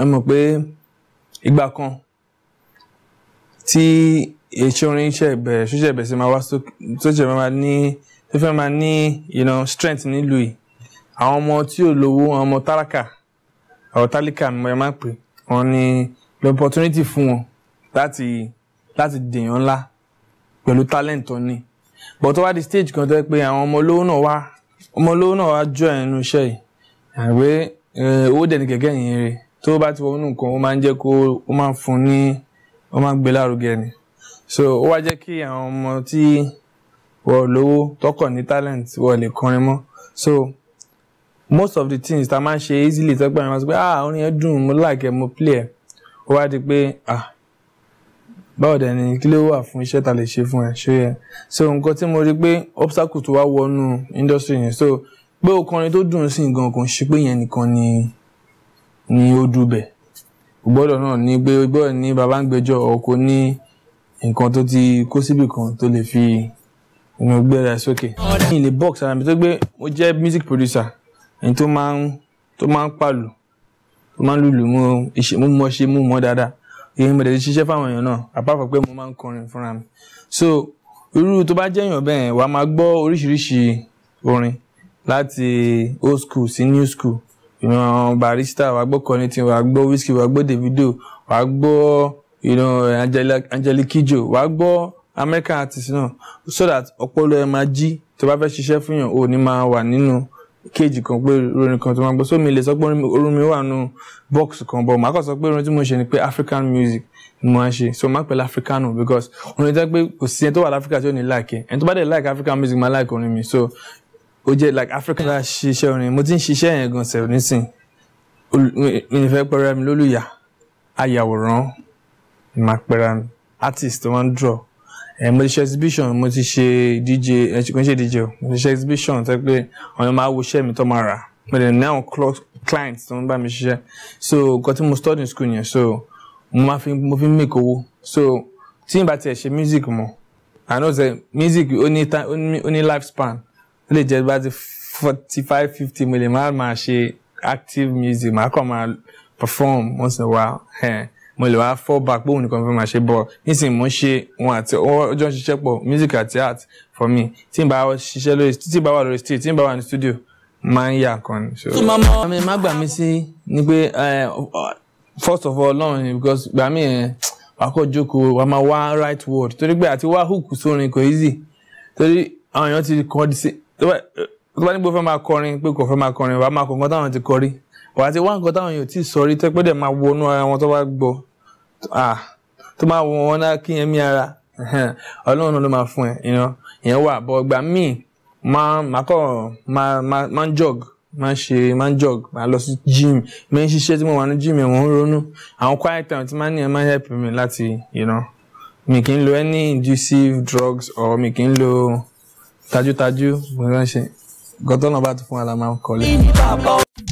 ẹ mọ̀ pé ìgbà kan tí ètò orin iṣẹ́ ìbẹ̀rẹ̀ ṣíṣe ìbẹ̀rẹ̀ sí máa wá sókè máa ní tó fẹ́ máa ní strength nílùú yìí àwọn ọmọ tí ò lówó àwọn ọmọ tálákà àwọn tálákà ni mo máa ń pè wọn ní the opportunity fún wọn láti láti dèèyàn ńlá pẹ̀lú talent tó ní but tó wá di stage kan tó yẹ pé àwọn ọmọ olówó náà wá ọmọ olówó náà wá join nínú iṣẹ́ yìí àgbẹ̀ eh, owó dẹ̀ ní gẹ́gẹ́ yìí rèé tó bá ti wọnú nǹkan ó máa ń jẹ́ kó ó máa ń fún ní ó máa ń gbé lárugẹ ni so ó wá jẹ́ kí àwọn ọmọ tí wọ́n lówó tọkọ̀ ní talent wọ́n lè kọrin mọ́ so most of the things ta máa ń ṣe easily tẹ́gbọ́n mi máa sọ pé ah orin yẹn dùn mo like ẹ mo play ẹ ó wá di pé ah báwo dẹ̀ ni kí ló wà fún iṣẹ́ ta lè ṣe fún ẹ ṣó yẹ so nǹkan tí mo rí pé obstacle tó wá wọnú industry yẹn so pé o kọrin tó dùn sí nǹkan kò ń ṣe pé yẹn nìkan ni ni ó dúbẹ̀ gbọ́dọ̀ náà ní pé gbọ́dọ̀ ní bàbá ń gbẹ́jọ́ ọkọ ní nǹkan tó ti kó síbì kan tó lè fi inú gbéra sókè. ní ilé box ara mi tó gbé mo jẹ́ music producer ẹni tó máa ń tó máa ń pàlù tó máa ń lùlù mú ìṣe mú mọ́ ṣe mú mọ́ dáadáa èyí mo dẹ̀ ti ṣiṣẹ́ fáwọn èèyàn náà àpapọ̀ pé mo máa ń kọrin fúnra mi. so irú tó bá jẹ́ èèyàn bẹ́ẹ̀ wàá máa gbọ́ oríṣiríṣi orin láti old school sí new school ìran Barrister wàá gbọ́ Kollington wàá gbọ́ Wizkid wàá gbọ́ Davido wàá gbọ́ ìran Angelique Kidjo wàá gbọ́ American artist náà so that ọpọlọ ẹ máa jí tó bá fẹ́ ṣiṣẹ́ fún yàn ò ní máa wà nínú kéèjì kan pé orin kan tó máa gbọ́ so mi lè sọ pé orin mi wà nù box kan bọ̀ màá kàn sọ pé orin tí mo ṣe ni pé African music ni mo máa ṣe so máa pẹ̀lú africano because orin tó pé kò sí ẹni tó wà láfíríkà tí ò ní láìkẹ́ ẹni tó bá dẹ̀ láìkẹ́ African music máa láìkẹ́ orin mi so ó jẹ́ like African Class ṣiṣẹ́ orin mo ti ń ṣiṣẹ́ yẹn gan sẹ̀rù nísìn mi ní fẹ́ pẹ́ra mi lólùyà ayàwòrán mà pẹ́ra artist tó draw ẹ̀ mo ti ṣe exhibition mo ti ṣe DJ ẹ̀ kò ń ṣe DJ o mo ti ṣe exhibition tó pé ọ̀yàn máa wo iṣẹ́ mi tó máa rà mo dẹ̀ ní àwọn clients tó ń bá mi ṣiṣẹ́ so nǹkan tí mo study school yẹn so mo máa fi mo fi ń make owó so tí n bá tiẹ̀ ṣe music mọ́ I know say music ó ní ó ní life span ó lè jẹ́ bá ti forty five fifty mo lè má máa ṣe active music màá kàn máa perform once in a while mo lè wá fall back bóun nìkan fẹ́ máa ṣe bọ̀ nísìnyí mo ń ṣe wọn àti ọjọ́ ń ṣiṣẹ́ pọ̀ music àti art for me tí n bá ṣiṣẹ́ lórí tí n bá wà lórí stage tí n bá wà ní studio máa ń yà kan ni. so mama mi má gbà mí sí ni pé eh, first of all lọ́run ni because gbà mí yẹn eh, wà á kọ́ jókòó wà á máa wá right word torí pé àti wá hook sórin kò easy torí àwọn èèyàn ti kọ́ di sí tó bá ní pé ó fẹ́ máa kọrin pé kò fẹ́ máa kọrin wàá máa kọ nǹkan táwọn ti kọrí wàá ti wá nǹkan táwọn yóò tí ì sọrí tó pé dẹ̀ máa wọnú ara wọn tó bá gbọ́ tó máa wọ wọn náà kí yẹn mí ara ọlọ́run náà ló máa fún ẹ ìyẹn wà bọ́ ọgbà míì máa kọ́ máa ń jog máa ń ṣe máa ń jog máa lọ sí gym mi ń ṣiṣẹ́ tí mo wà ní gym ẹ̀wọ̀n ń ronú àwọn quiet time tí máa ń ní ẹ̀ máa ń help mi láti mi kì í lo any inducive drugs or mi kì í lo tajútajú mo ránṣẹ́ gọtọnà bá ti fún wa la máa ń